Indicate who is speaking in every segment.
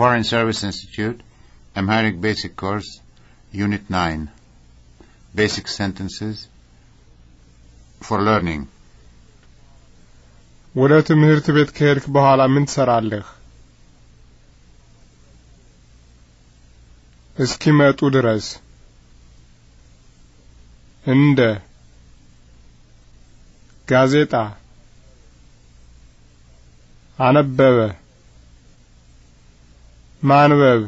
Speaker 1: Foreign Service Institute, Amharic Basic Course, Unit 9, Basic Sentences for Learning. ወደ ትምህርት ቤት ከሄድክ በኋላ ምን ትሰራለህ? እስኪመጡ ድረስ እንደ ጋዜጣ አነበበ ማንበብ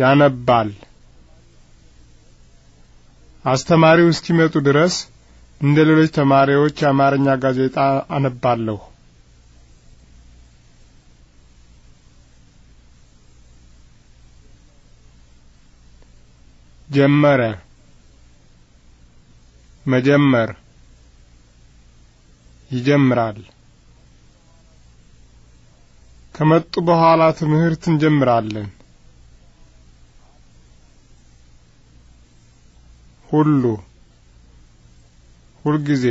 Speaker 1: ያነባል። አስተማሪው እስኪመጡ ድረስ እንደ ሌሎች ተማሪዎች የአማርኛ ጋዜጣ አነባለሁ። ጀመረ፣ መጀመር፣ ይጀምራል። ከመጡ በኋላ ትምህርት እንጀምራለን። ሁሉ ሁልጊዜ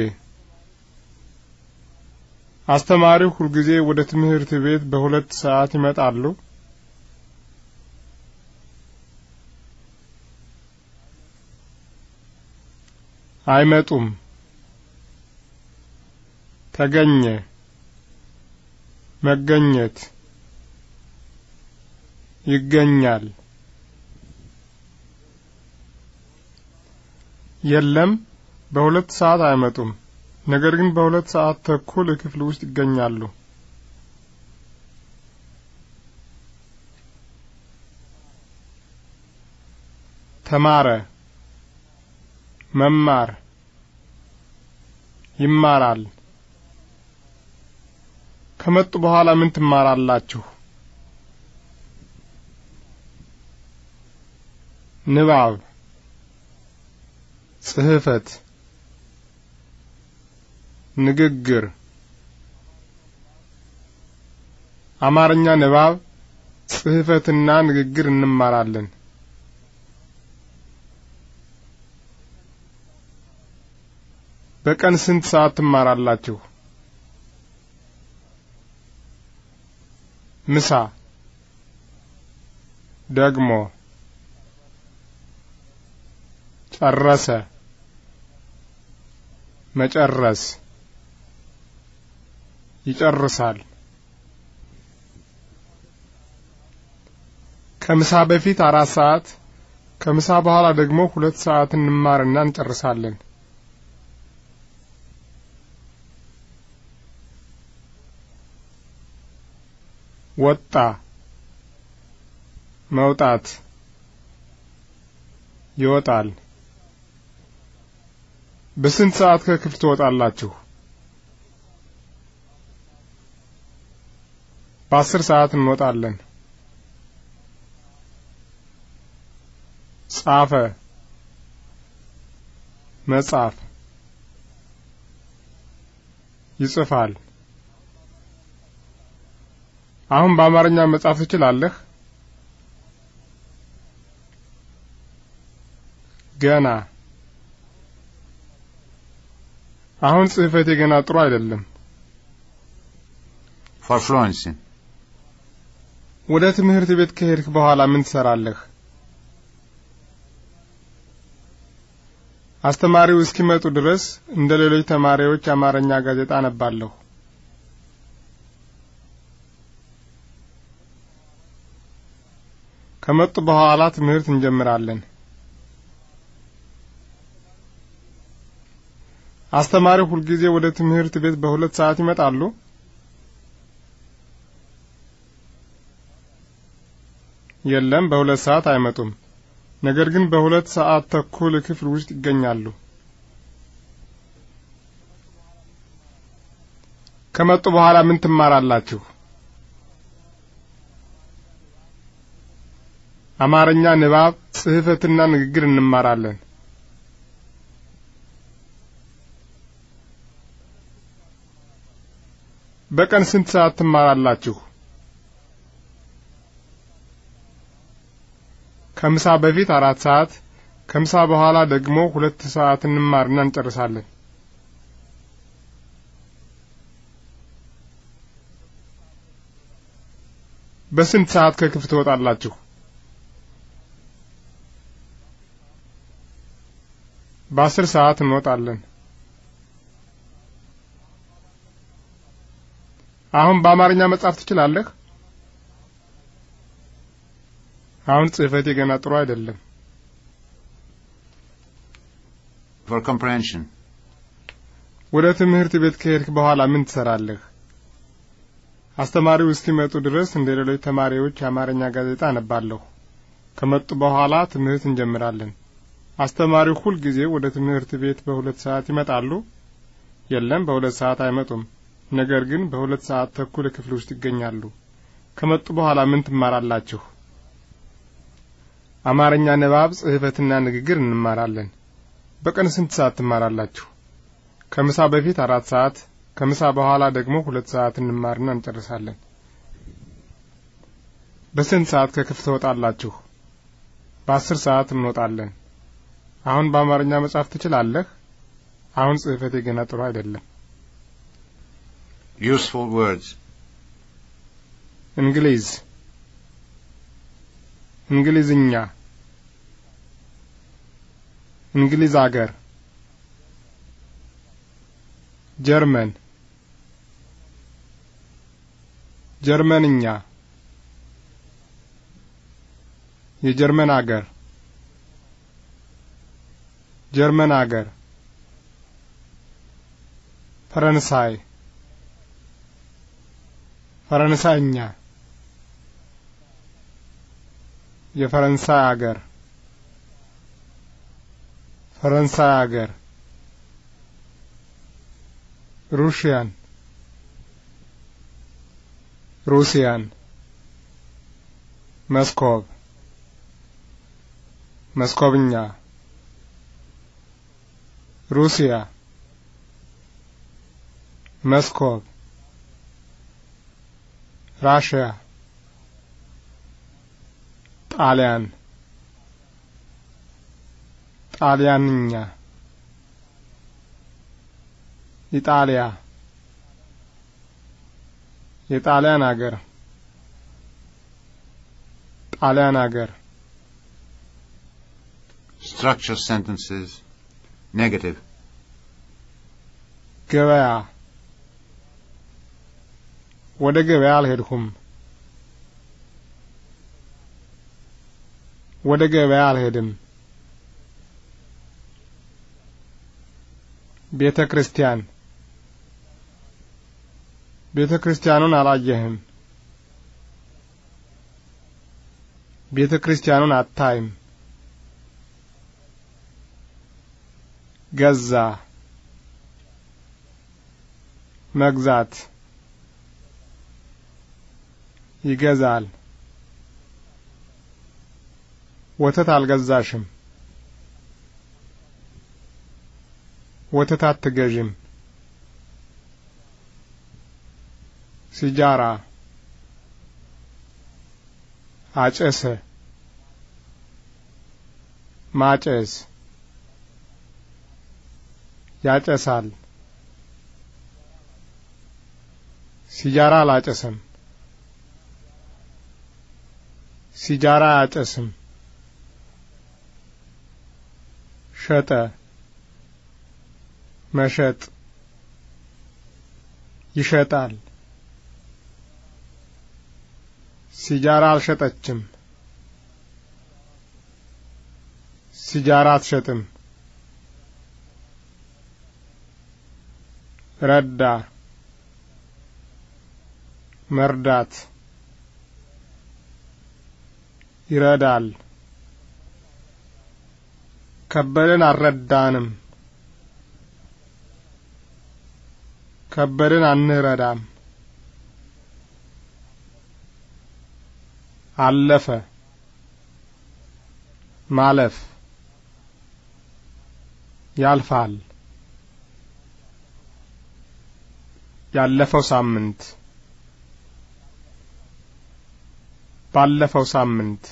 Speaker 1: አስተማሪው ሁልጊዜ ወደ ትምህርት ቤት በሁለት ሰዓት ይመጣሉ። አይመጡም። ተገኘ መገኘት ይገኛል። የለም፣ በሁለት ሰዓት አይመጡም። ነገር ግን በሁለት ሰዓት ተኩል ክፍል ውስጥ ይገኛሉ። ተማረ፣ መማር፣ ይማራል። ከመጡ በኋላ ምን ትማራላችሁ? ንባብ ጽህፈት ንግግር አማርኛ ንባብ ጽሕፈትና ንግግር እንማራለን። በቀን ስንት ሰዓት ትማራላችሁ? ምሳ ደግሞ ጨረሰ መጨረስ ይጨርሳል። ከምሳ በፊት አራት ሰዓት ከምሳ በኋላ ደግሞ ሁለት ሰዓት እንማርና እንጨርሳለን። ወጣ መውጣት ይወጣል። በስንት ሰዓት ከክፍል ትወጣላችሁ? በአስር ሰዓት እንወጣለን። ጻፈ፣ መጻፍ፣ ይጽፋል። አሁን በአማርኛ መጻፍ ትችላለህ? ገና አሁን ጽህፈቴ ገና ጥሩ አይደለም። ፋርሽሎንስን ወደ ትምህርት ቤት ከሄድክ በኋላ ምን ትሰራለህ? አስተማሪው እስኪመጡ ድረስ እንደ ሌሎች ተማሪዎች አማርኛ ጋዜጣ አነባለሁ። ከመጡ በኋላ ትምህርት እንጀምራለን። አስተማሪ ሁልጊዜ ወደ ትምህርት ቤት በሁለት ሰዓት ይመጣሉ? የለም፣ በሁለት ሰዓት አይመጡም። ነገር ግን በሁለት ሰዓት ተኩል ክፍል ውስጥ ይገኛሉ። ከመጡ በኋላ ምን ትማራላችሁ? አማርኛ፣ ንባብ፣ ጽሕፈትና ንግግር እንማራለን። በቀን ስንት ሰዓት ትማራላችሁ? ከምሳ በፊት አራት ሰዓት ከምሳ በኋላ ደግሞ ሁለት ሰዓት እንማርና እንጨርሳለን። በስንት ሰዓት ከክፍል ትወጣላችሁ? በአስር ሰዓት እንወጣለን። አሁን በአማርኛ መጻፍ ትችላለህ? አሁን ጽህፈቴ ገና ጥሩ አይደለም። ፎር ኮምፕሬንሽን ወደ ትምህርት ቤት ከሄድክ በኋላ ምን ትሰራለህ? አስተማሪው እስኪመጡ ድረስ እንደ ሌሎች ተማሪዎች የአማርኛ ጋዜጣ አነባለሁ። ከመጡ በኋላ ትምህርት እንጀምራለን። አስተማሪው ሁል ጊዜ ወደ ትምህርት ቤት በሁለት ሰዓት ይመጣሉ? የለም፣ በሁለት ሰዓት አይመጡም። ነገር ግን በሁለት ሰዓት ተኩል ክፍል ውስጥ ይገኛሉ። ከመጡ በኋላ ምን ትማራላችሁ? አማርኛ ንባብ፣ ጽህፈትና ንግግር እንማራለን። በቀን ስንት ሰዓት ትማራላችሁ? ከምሳ በፊት አራት ሰዓት፣ ከምሳ በኋላ ደግሞ ሁለት ሰዓት እንማርና እንጨርሳለን። በስንት ሰዓት ከክፍል ትወጣላችሁ? በአስር ሰዓት እንወጣለን። አሁን በአማርኛ መጻፍ ትችላለህ? አሁን ጽህፈት ገና ጥሩ አይደለም። Useful words. እንግሊዝ እንግሊዝኛ እንግሊዝ አገር ጀርመን ጀርመንኛ የጀርመን አገር ጀርመን አገር ፈረንሳይ ፈረንሳይኛ የፈረንሳይ አገር ፈረንሳይ አገር ሩሽያን ሩሲያን መስኮብ መስኮብኛ ሩሲያ መስኮብ Russia, Italian, Italianina, Italia, Italian agar, Italian agar. Structure sentences negative. Give ወደ ገበያ አልሄድኩም። ወደ ገበያ አልሄድም። ቤተ ክርስቲያን ቤተ ክርስቲያኑን አላየህም። ቤተ ክርስቲያኑን አታይም። ገዛ መግዛት ይገዛል። ወተት አልገዛሽም። ወተት አትገዥም። ሲጃራ አጨሰ፣ ማጨስ፣ ያጨሳል። ሲጃራ አላጨሰም። ሲጃራ አጨስም። ሸጠ መሸጥ ይሸጣል። ሲጃራ አልሸጠችም። ሲጃራ አትሸጥም። ረዳ መርዳት ይረዳል። ከበደን አልረዳንም። ከበደን አንረዳም። አለፈ ማለፍ ያልፋል። ያለፈው ሳምንት ባለፈው ሳምንት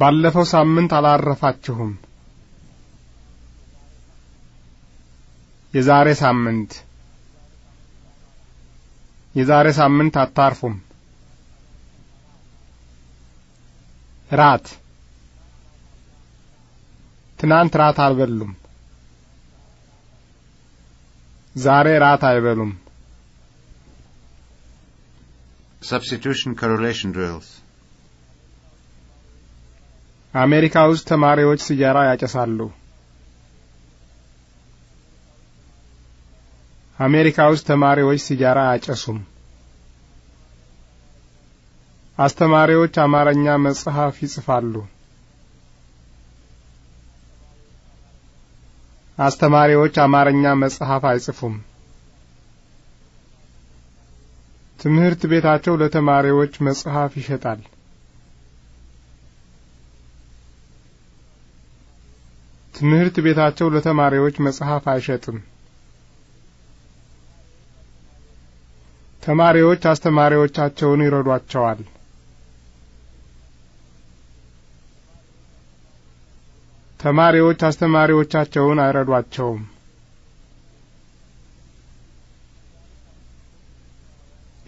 Speaker 1: ባለፈው ሳምንት አላረፋችሁም። የዛሬ ሳምንት የዛሬ ሳምንት አታርፉም። ራት ትናንት ራት አልበሉም። ዛሬ ራት አይበሉም። Substitution correlation drills. አሜሪካ ውስጥ ተማሪዎች ሲጃራ ያጨሳሉ። አሜሪካ ውስጥ ተማሪዎች ሲጃራ አያጨሱም። አስተማሪዎች አማርኛ መጽሐፍ ይጽፋሉ። አስተማሪዎች አማርኛ መጽሐፍ አይጽፉም። ትምህርት ቤታቸው ለተማሪዎች መጽሐፍ ይሸጣል። ትምህርት ቤታቸው ለተማሪዎች መጽሐፍ አይሸጥም። ተማሪዎች አስተማሪዎቻቸውን ይረዷቸዋል። ተማሪዎች አስተማሪዎቻቸውን አይረዷቸውም።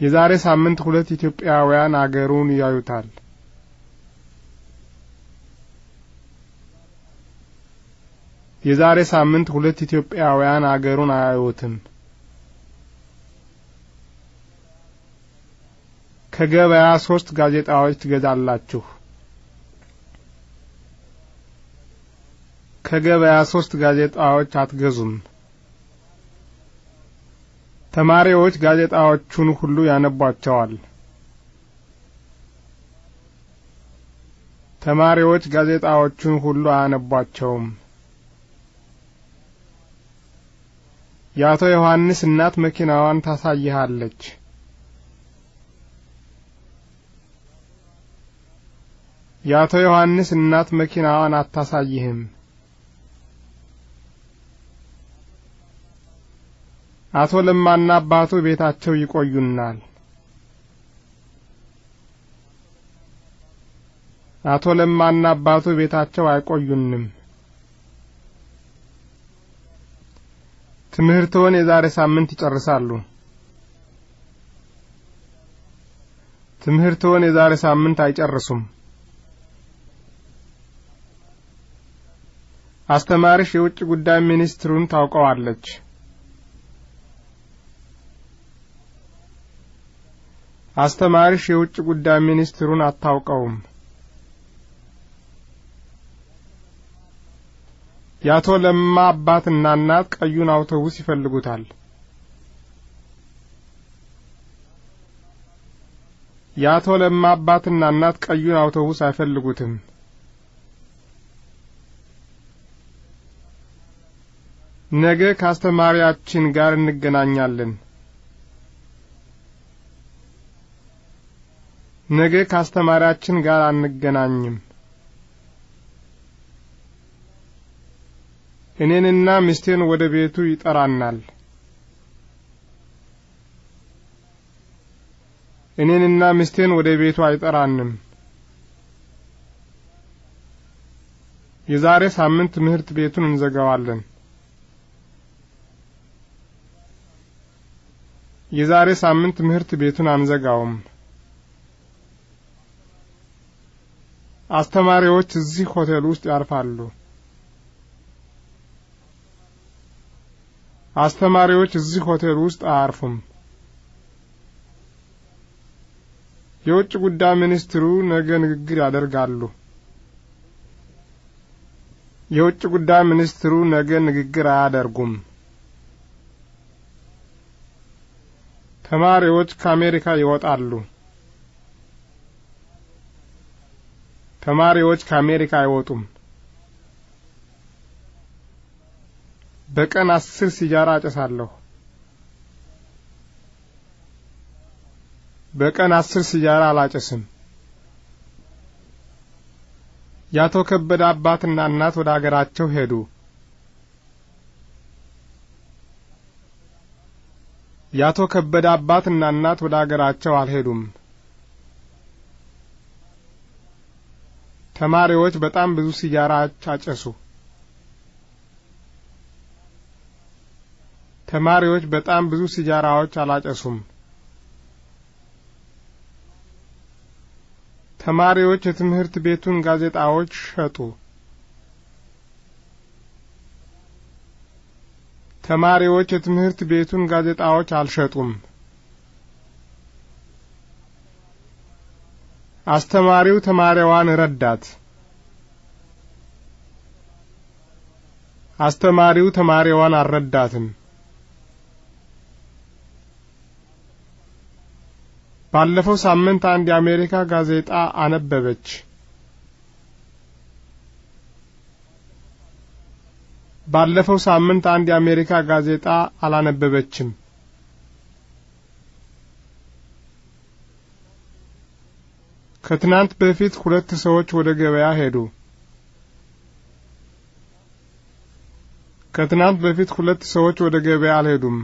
Speaker 1: የዛሬ ሳምንት ሁለት ኢትዮጵያውያን አገሩን ያዩታል። የዛሬ ሳምንት ሁለት ኢትዮጵያውያን አገሩን አያዩትም። ከገበያ ሶስት ጋዜጣዎች ትገዛላችሁ። ከገበያ ሶስት ጋዜጣዎች አትገዙም። ተማሪዎች ጋዜጣዎቹን ሁሉ ያነቧቸዋል። ተማሪዎች ጋዜጣዎቹን ሁሉ አያነቧቸውም። የአቶ ዮሐንስ እናት መኪናዋን ታሳይሃለች። የአቶ ዮሐንስ እናት መኪናዋን አታሳይህም። አቶ ለማና አባቱ ቤታቸው ይቆዩናል። አቶ ለማና አባቱ ቤታቸው አይቆዩንም። ትምህርትዎን የዛሬ ሳምንት ይጨርሳሉ። ትምህርትዎን የዛሬ ሳምንት አይጨርሱም። አስተማሪሽ የውጭ ጉዳይ ሚኒስትሩን ታውቀዋለች። አስተማሪሽ የውጭ ጉዳይ ሚኒስትሩን አታውቀውም። የአቶ ለማ አባትና እናት ቀዩን አውቶቡስ ይፈልጉታል። የአቶ ለማ አባትና እናት ቀዩን አውቶቡስ አይፈልጉትም። ነገ ከአስተማሪያችን ጋር እንገናኛለን። ነገ ካስተማሪያችን ጋር አንገናኝም። እኔንና ሚስቴን ወደ ቤቱ ይጠራናል። እኔንና ሚስቴን ወደ ቤቱ አይጠራንም። የዛሬ ሳምንት ትምህርት ቤቱን እንዘጋዋለን። የዛሬ ሳምንት ትምህርት ቤቱን አንዘጋውም። አስተማሪዎች እዚህ ሆቴል ውስጥ ያርፋሉ። አስተማሪዎች እዚህ ሆቴል ውስጥ አያርፉም። የውጭ ጉዳይ ሚኒስትሩ ነገ ንግግር ያደርጋሉ። የውጭ ጉዳይ ሚኒስትሩ ነገ ንግግር አያደርጉም። ተማሪዎች ከአሜሪካ ይወጣሉ። ተማሪዎች ከአሜሪካ አይወጡም። በቀን አስር ሲጃራ አጨሳለሁ። በቀን አስር ሲጃራ አላጨስም። የአቶ ከበደ አባትና እናት ወደ አገራቸው ሄዱ። የአቶ ከበደ አባትና እናት ወደ አገራቸው አልሄዱም። ተማሪዎች በጣም ብዙ ሲጋራ አጨሱ። ተማሪዎች በጣም ብዙ ሲጋራዎች አላጨሱም። ተማሪዎች የትምህርት ቤቱን ጋዜጣዎች ሸጡ። ተማሪዎች የትምህርት ቤቱን ጋዜጣዎች አልሸጡም። አስተማሪው ተማሪዋን ረዳት። አስተማሪው ተማሪዋን አልረዳትም። ባለፈው ሳምንት አንድ የአሜሪካ ጋዜጣ አነበበች። ባለፈው ሳምንት አንድ የአሜሪካ ጋዜጣ አላነበበችም። ከትናንት በፊት ሁለት ሰዎች ወደ ገበያ ሄዱ። ከትናንት በፊት ሁለት ሰዎች ወደ ገበያ አልሄዱም።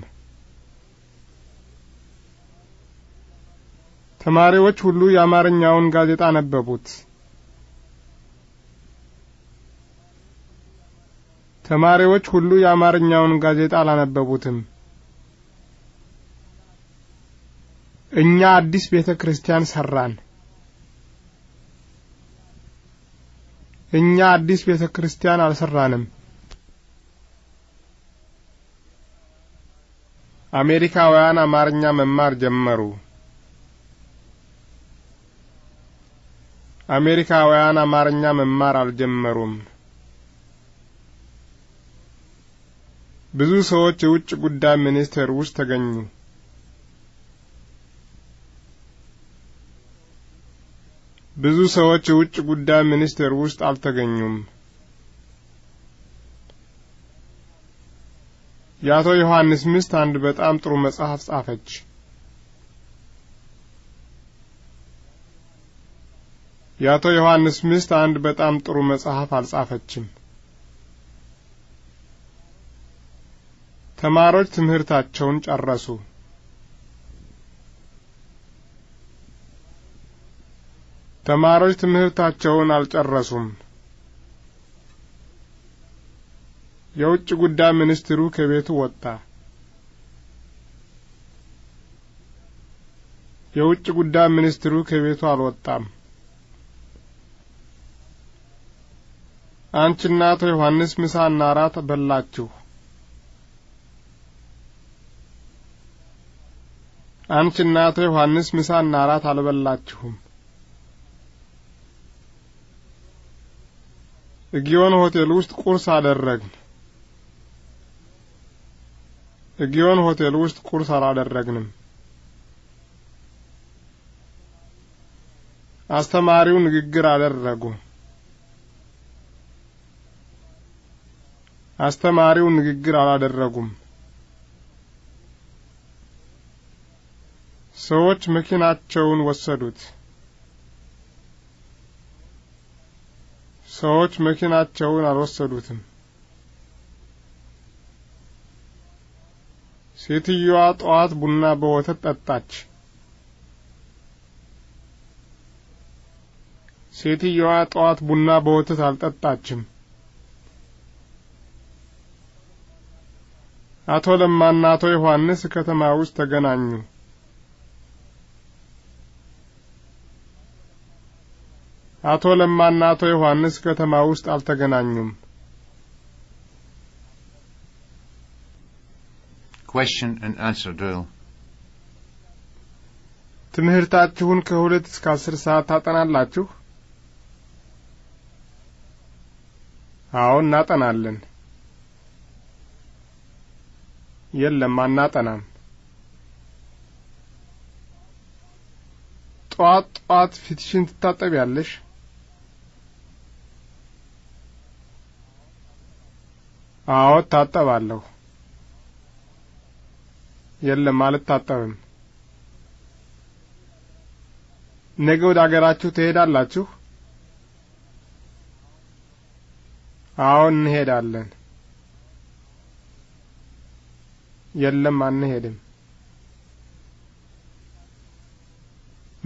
Speaker 1: ተማሪዎች ሁሉ የአማርኛውን ጋዜጣ ነበቡት። ተማሪዎች ሁሉ የአማርኛውን ጋዜጣ አላነበቡትም። እኛ አዲስ ቤተ ክርስቲያን ሰራን። እኛ አዲስ ቤተ ክርስቲያን አልሰራንም። አሜሪካውያን አማርኛ መማር ጀመሩ። አሜሪካውያን አማርኛ መማር አልጀመሩም። ብዙ ሰዎች የውጭ ጉዳይ ሚኒስቴር ውስጥ ተገኙ። ብዙ ሰዎች የውጭ ጉዳይ ሚኒስቴር ውስጥ አልተገኙም። የአቶ ዮሐንስ ሚስት አንድ በጣም ጥሩ መጽሐፍ ጻፈች። የአቶ ዮሐንስ ሚስት አንድ በጣም ጥሩ መጽሐፍ አልጻፈችም። ተማሪዎች ትምህርታቸውን ጨረሱ። ተማሪዎች ትምህርታቸውን አልጨረሱም። የውጭ ጉዳይ ሚኒስትሩ ከቤቱ ወጣ። የውጭ ጉዳይ ሚኒስትሩ ከቤቱ አልወጣም። አንቺና አቶ ዮሐንስ ምሳና እራት በላችሁ። አንቺና አቶ ዮሐንስ ምሳና እራት አልበላችሁም። ጊዮን ሆቴል ውስጥ ቁርስ አደረግን። ጊዮን ሆቴል ውስጥ ቁርስ አላደረግንም። አስተማሪው ንግግር አደረጉ። አስተማሪው ንግግር አላደረጉም። ሰዎች መኪናቸውን ወሰዱት። ሰዎች መኪናቸውን አልወሰዱትም። ሴትየዋ ጠዋት ቡና በወተት ጠጣች። ሴትየዋ ጠዋት ቡና በወተት አልጠጣችም። አቶ ለማና አቶ ዮሐንስ ከተማ ውስጥ ተገናኙ። አቶ ለማና አቶ ዮሐንስ ከተማ ውስጥ አልተገናኙም። Question and answer drill. ትምህርታችሁን ከሁለት እስከ አስር ሰዓት ታጠናላችሁ? አዎ እናጠናለን። የለም አናጠናም። ጠዋት ጠዋት ፊትሽን ትታጠቢያለሽ? አዎ እታጠባለሁ። የለም አልታጠብም። ነገ ወደ አገራችሁ ትሄዳላችሁ? አዎ እንሄዳለን። የለም አንሄድም።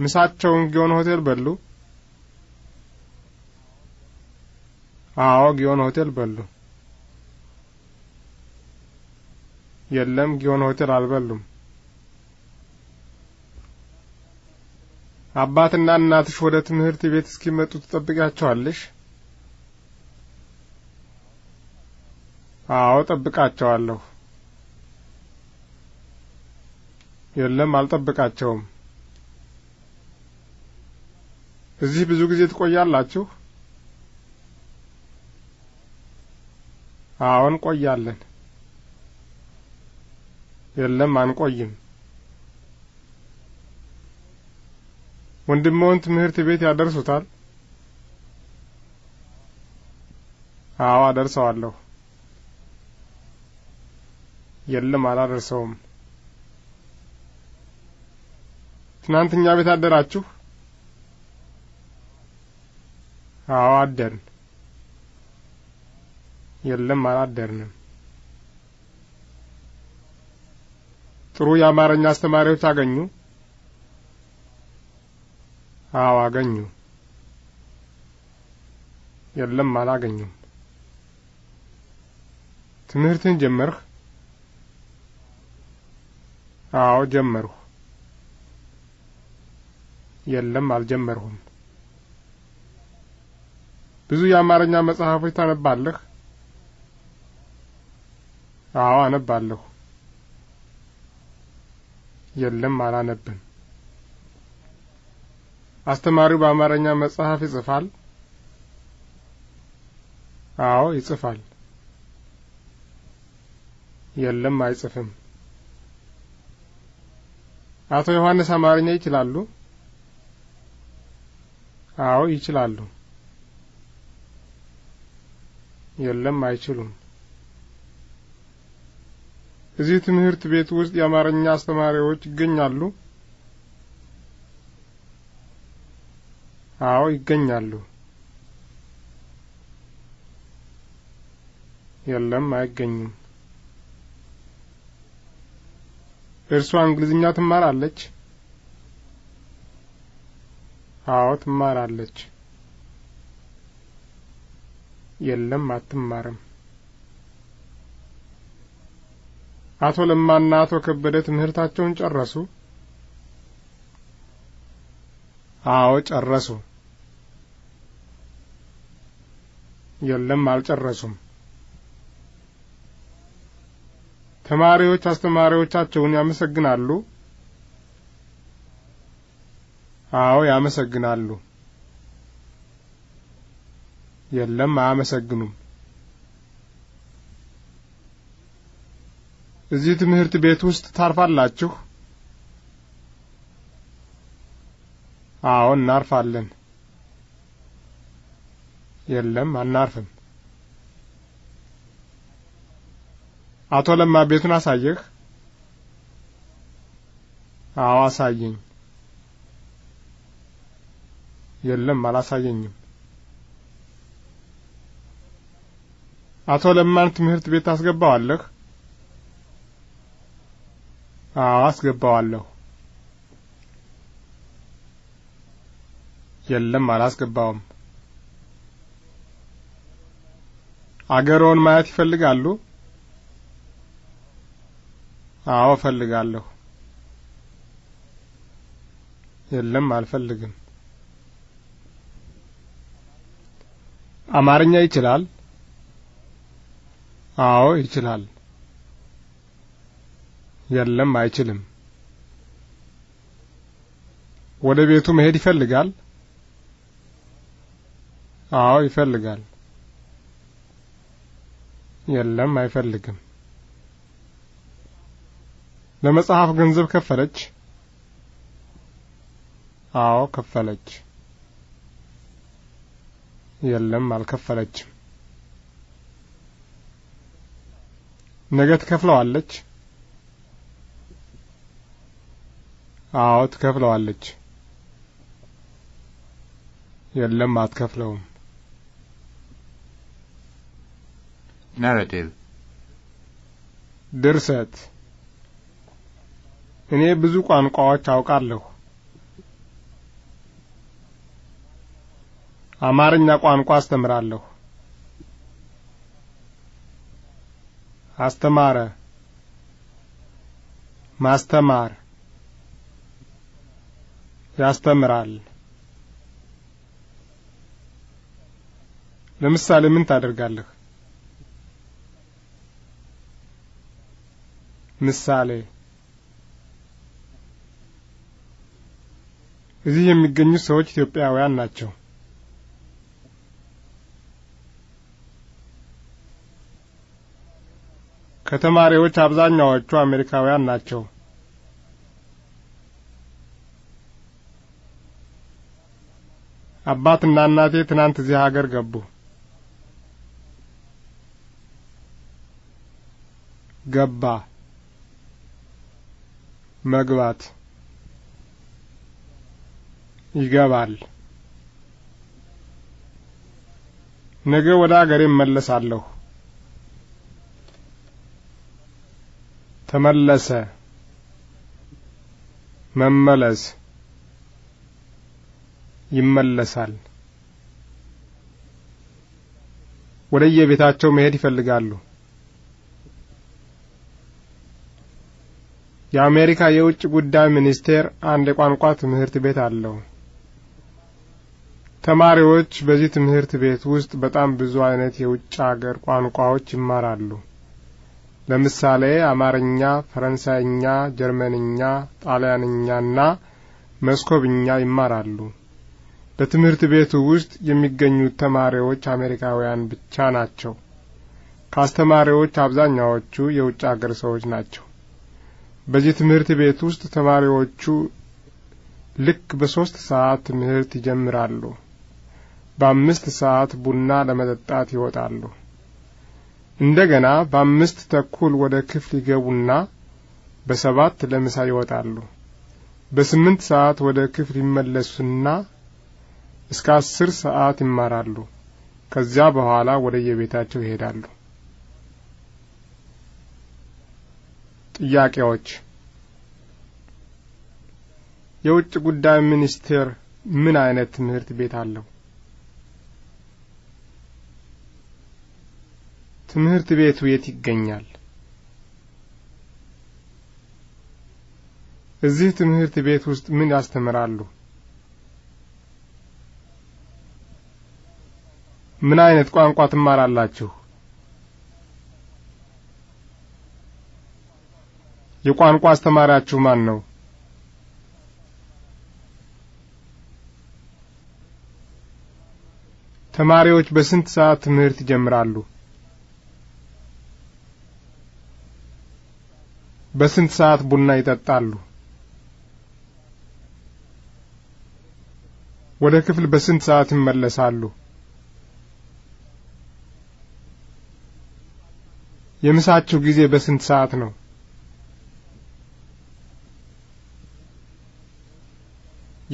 Speaker 1: ምሳቸውን ጊዮን ሆቴል በሉ? አዎ ጊዮን ሆቴል በሉ። የለም፣ ጊዮን ሆቴል አልበሉም። አባትና እናትሽ ወደ ትምህርት ቤት እስኪመጡ ትጠብቂያቸዋለሽ? አዎ፣ ጠብቃቸዋለሁ። የለም፣ አልጠብቃቸውም። እዚህ ብዙ ጊዜ ትቆያላችሁ? አዎን፣ ቆያለን። የለም አንቆይም። ወንድሞውን ትምህርት ቤት ያደርሱታል? አዎ አደርሰዋለሁ። የለም አላደርሰውም። ትናንትኛ ቤት አደራችሁ? አዎ አደርን። የለም አላደርንም። ጥሩ የአማርኛ አስተማሪዎች አገኙ? አዎ አገኙ። የለም አላገኙም። ትምህርትን ጀመርህ? አዎ ጀመርሁ። የለም አልጀመርሁም። ብዙ የአማርኛ መጽሐፎች ታነባለህ? አዎ አነባለሁ። የለም አላነብም። አስተማሪው በአማርኛ መጽሐፍ ይጽፋል? አዎ ይጽፋል። የለም አይጽፍም። አቶ ዮሐንስ አማርኛ ይችላሉ? አዎ ይችላሉ። የለም አይችሉም። እዚህ ትምህርት ቤት ውስጥ የአማርኛ አስተማሪዎች ይገኛሉ? አዎ ይገኛሉ። የለም አይገኙም። እርሷ እንግሊዝኛ ትማራለች? አዎ ትማራለች። የለም አትማርም። አቶ ለማና አቶ ከበደ ትምህርታቸውን ጨረሱ? አዎ ጨረሱ። የለም አልጨረሱም። ተማሪዎች አስተማሪዎቻቸውን ያመሰግናሉ? አዎ ያመሰግናሉ። የለም አያመሰግኑም። እዚህ ትምህርት ቤት ውስጥ ታርፋላችሁ? አዎ እናርፋለን። የለም አናርፍም። አቶ ለማ ቤቱን አሳየህ? አዎ አሳየኝ። የለም አላሳየኝም። አቶ ለማን ትምህርት ቤት ታስገባዋለህ? አዎ አስገባዋለሁ። የለም አላስገባውም። አገሮን ማየት ይፈልጋሉ? አዎ እፈልጋለሁ። የለም አልፈልግም። አማርኛ ይችላል? አዎ ይችላል። የለም፣ አይችልም። ወደ ቤቱ መሄድ ይፈልጋል? አዎ፣ ይፈልጋል። የለም፣ አይፈልግም። ለመጽሐፍ ገንዘብ ከፈለች? አዎ፣ ከፈለች። የለም፣ አልከፈለችም። ነገ ትከፍለዋለች? አዎ ትከፍለዋለች። የለም አትከፍለውም። ናሬቲቭ ድርሰት እኔ ብዙ ቋንቋዎች አውቃለሁ። አማርኛ ቋንቋ አስተምራለሁ። አስተማረ ማስተማር ያስተምራል። ለምሳሌ ምን ታደርጋለህ? ምሳሌ እዚህ የሚገኙ ሰዎች ኢትዮጵያውያን ናቸው። ከተማሪዎች አብዛኛዎቹ አሜሪካውያን ናቸው። አባትና እናቴ ትናንት እዚህ ሀገር ገቡ። ገባ መግባት ይገባል። ነገ ወደ አገሬ እመለሳለሁ። ተመለሰ መመለስ ይመለሳል። ወደየቤታቸው መሄድ ይፈልጋሉ። የአሜሪካ የውጭ ጉዳይ ሚኒስቴር አንድ የቋንቋ ትምህርት ቤት አለው። ተማሪዎች በዚህ ትምህርት ቤት ውስጥ በጣም ብዙ አይነት የውጭ አገር ቋንቋዎች ይማራሉ። ለምሳሌ አማርኛ፣ ፈረንሳይኛ፣ ጀርመንኛ፣ ጣሊያንኛና መስኮብኛ ይማራሉ። በትምህርት ቤቱ ውስጥ የሚገኙት ተማሪዎች አሜሪካውያን ብቻ ናቸው። ከአስተማሪዎች አብዛኛዎቹ የውጭ አገር ሰዎች ናቸው። በዚህ ትምህርት ቤት ውስጥ ተማሪዎቹ ልክ በሦስት ሰዓት ትምህርት ይጀምራሉ። በአምስት ሰዓት ቡና ለመጠጣት ይወጣሉ። እንደገና በአምስት ተኩል ወደ ክፍል ይገቡና በሰባት ለምሳ ይወጣሉ። በስምንት ሰዓት ወደ ክፍል ይመለሱና እስከ አስር ሰዓት ይማራሉ። ከዚያ በኋላ ወደ የቤታቸው ይሄዳሉ። ጥያቄዎች የውጭ ጉዳይ ሚኒስቴር ምን አይነት ትምህርት ቤት አለው? ትምህርት ቤቱ የት ይገኛል? እዚህ ትምህርት ቤት ውስጥ ምን ያስተምራሉ? ምን አይነት ቋንቋ ትማራላችሁ? የቋንቋ አስተማሪያችሁ ማን ነው? ተማሪዎች በስንት ሰዓት ትምህርት ይጀምራሉ? በስንት ሰዓት ቡና ይጠጣሉ? ወደ ክፍል በስንት ሰዓት ይመለሳሉ? የምሳችሁ ጊዜ በስንት ሰዓት ነው?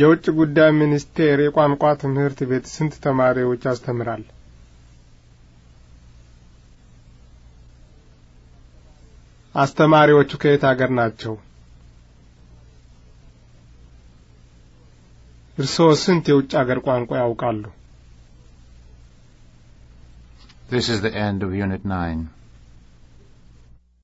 Speaker 1: የውጭ ጉዳይ ሚኒስቴር የቋንቋ ትምህርት ቤት ስንት ተማሪዎች ያስተምራል? አስተማሪዎቹ ከየት አገር ናቸው? እርስዎ ስንት የውጭ አገር ቋንቋ ያውቃሉ? This is the end of Unit 9.